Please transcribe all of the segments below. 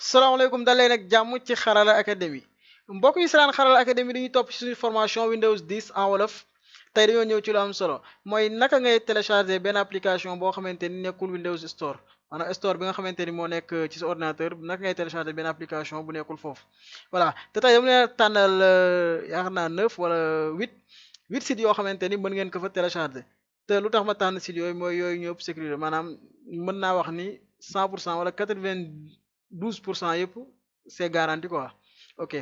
salaamaaleykum dal leen ak jàmm ci xarala académie mbokk yi saraan xarala académie dañuy topp ci suñu formation Windows 10 en wolof tey dañoo ñëw ci lu am solo mooy naka ngay télécharger benn application boo xamante ni nekkul Windows Store maanaam store bi nga xamante ni moo nekk ci sa ordinateur naka ngay télécharger benn application bu nekkul foofu voilà te tey dama leen tànnal euh, yaakaar naa neuf wala huit huit sites yoo xamante ni mën ngeen ko fa télécharger te lu tax ma tànn sites yooyu mooy yooyu ñëpp sécurité maanaam mën naa wax ni cent pour cent wala quatre-vingt douze pour cent yëpp c'est garanti quoi ok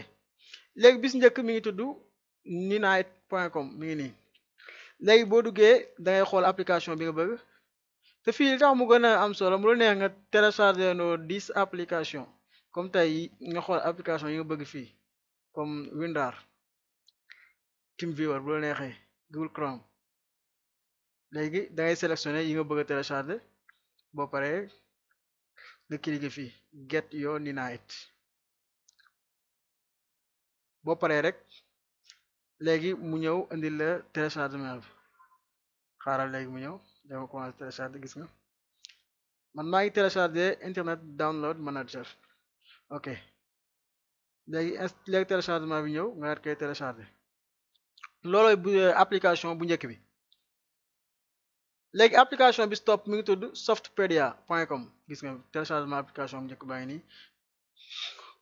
léegi bis njëkk mi ngi tudd ninite point com mi ngi nii léegi boo duggee da ngay xool application bi nga bëgg te fi li tax mu gën a am solo mu la neex nga téléchargé no dis application comme tey nga xool application yi nga bëgg fii comme Winrar TeamViewer bu la neexee Google Chrome léegi da ngay yi nga bëgg a téléchargé boo paree nga cliquer fii get your ninite boo paree rek léegi mu ñëw indi la téléchargement bi xaaral léegi mu ñëw dama commencé télécharger gis nga man maa ngi télécharger internet download manager ok léegi léegi téléchargement bi ñëw nga koy télécharger loolooy bu euh, application bu njëkk bi léegi application bi stop mi ngi tudd softpedia point com gis nga téléchargement application bi njëkk baa ngi nii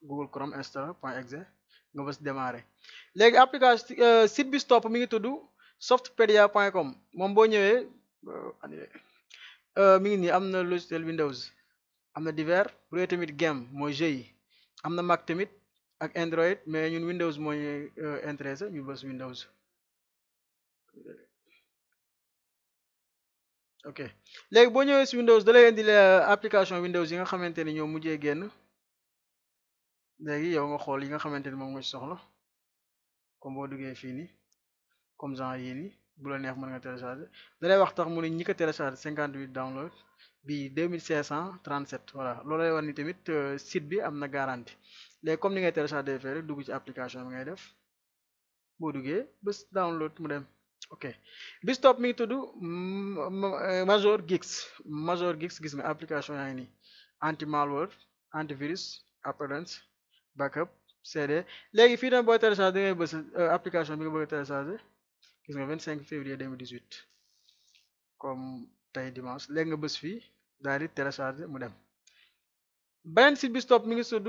google chrome install point exe nga bës démarrer léegi application euh, site bi stop mi ngi tudd softpedia point com moom boo ñëwee euh, euh, mi ngi nii am na logiciel windows am na divers bu dee tamit game mooy jeu yi am na mac tamit ak android mais ñun windows mooy intéressé ñu bës windows ok léegi boo ñëwee si Windows da lay indi application Windows yi nga xamante ni ñoo mujjee génn léegi yow nga xool yi nga xamante ni moom nga ci soxla comme boo duggee fii nii comme genre yii nii bu la neex mën nga télécharger da lay wax tax mu ne ñi ko télécharger cinquante huit download bi deux mille cinq cent trente sept voilà loolu lay war ni tamit euh, sit bi am na garantie léegi comme ni ngay télécharger fee rek dugg ci application bi ngay def boo duggee bés download mu dem. ok bis topp mi ngi tudd mm, mm, eh, Major Gix Major Gix gis nga application yaa ngi nii anti malware antivirus backup CD léegi fii tam booy télécharge da eh, application bi nga bëgg a télécharger gis nga 25 février 2018 comme tey dimanche léegi nga bës fii daal di télécharger mu dem beneen site bis topp mi ngi tudd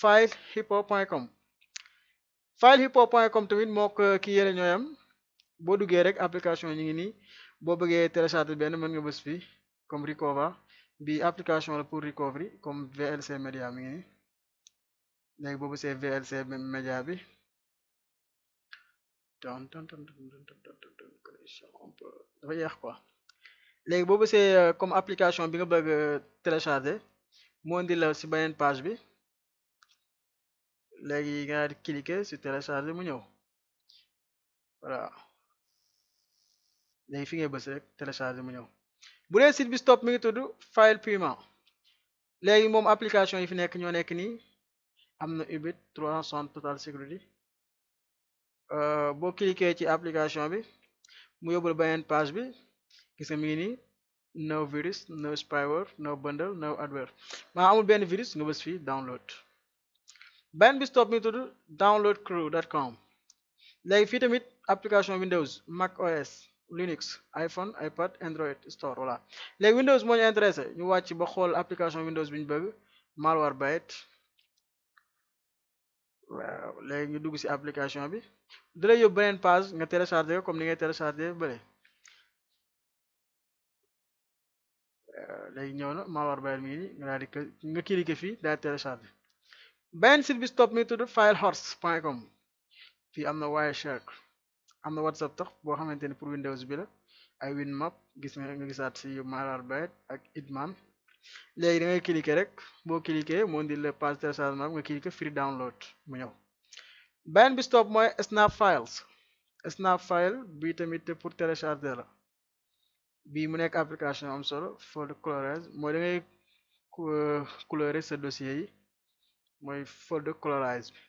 filehippo point com filehippo point com tamit moo ko kii ñooyam boo duggee rek application yi ngi nii boo bëggee télécharger benn mën nga bës fii comme Ricova bi application la pour recovery comme VLC Media mi ngi nii Media bi ton dafa yeex quoi léegi boo bësee euh, comme application bi nga bëgg euh, télécharger moo indi la si beneen page bi léegi nga si sur télécharger mu ñëw voilà léegi fi ngay bës rek télécharger mu ñëw bu dee site bi stop mi ngi tudd file paiement léegi moom application yi fi nekk ñoo nekk nii am na ubit 360 total security boo cliquer ci application bi mu yóbbul beneen page bi gis nga mi ngi nii no virus no spyware no bundle no adware maa amul benn virus nga bës fii download benn bi stop mi ngi tudd download crew dot com léegi fii tamit application Windows Mac OS Linux iPhone iPad Android store voilà léegi Windows moo ñu intéressé ñu wàcc ba xool application Windows bi ñu bëgg Malwarebytes waaw léegi ñu dugg ci application bi da lay yóbbu beneen page nga téléchargé ko comme ni ngay téléchargé bële léegi ñëw na Malwarebytes mi ngi nii nga daal nga cliqué fii daal téléchargé beneen site bi stop mi tudd filehorse point com fii am na Wireshark am na whatsapp tax boo xamante ni pour windows bi la ay winmap gis nga nga gisaat si malwarebytes ak itman léegi da ngay cliquer rek boo cliquer moo indi la page téléchargement nga cliquer free download mu ñëw beneen bi stop mooy snap files snap file bi tamit pour télécharger la bii mu nekk application am solo folder colorage mooy da ngay euh, colorer sa dossier yi mooy folder colorage bi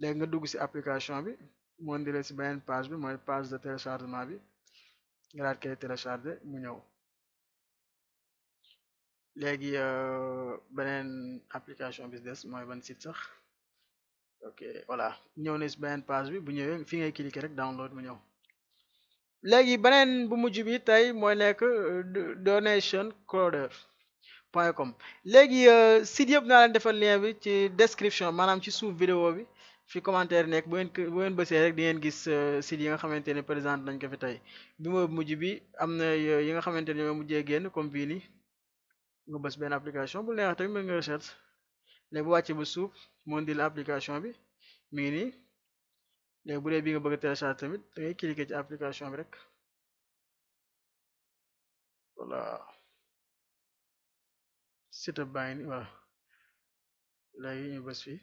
léegi nga dugg si application bi moo ndiree si beneen page bi mooy page de téléchargement bi nga daal koy téléchargé mu ñëw léegi euh, beneen application bi des mooy ban site sax ok voilà ñëw na si beneen page bi bu ñëwee fi ngay cliquer rek download mu ñëw léegi beneen bu mujj bi tey mooy nekk euh, donation crowder point com léegi euh, site yëpp naa leen defal lien bi ci description maanaam ci suuf vidéo bi fi commentaire nekk bu ngeen bu ngeen bësee rek di ngeen gis euh, site yi nga xamante ne présente nañ ko fi tey bi mooy mujj bi am na yi nga xamante ne ñoo mujjee génn comme bii nii nga bës benn application bu neex tamit mën nga recherche léegi bu wàccee ba suuf moo indil application bi mi ngi nii bu dee bi nga bëgg a télécharge tamit da ngay cliquer ci application bi rek voilà site baa ngi nii waaw léegi ñu bës fii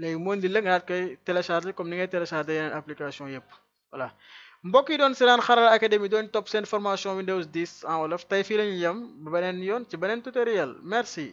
léegi moon indil la koy télécharger comme ni ngay télécharger yeneen application yëpp voilà mbokk yi doon seetaan Xarala Academy doon topp seen formation Windows 10 en wolof tey fii la ñuy yem beneen yoon ci beneen tutoriel merci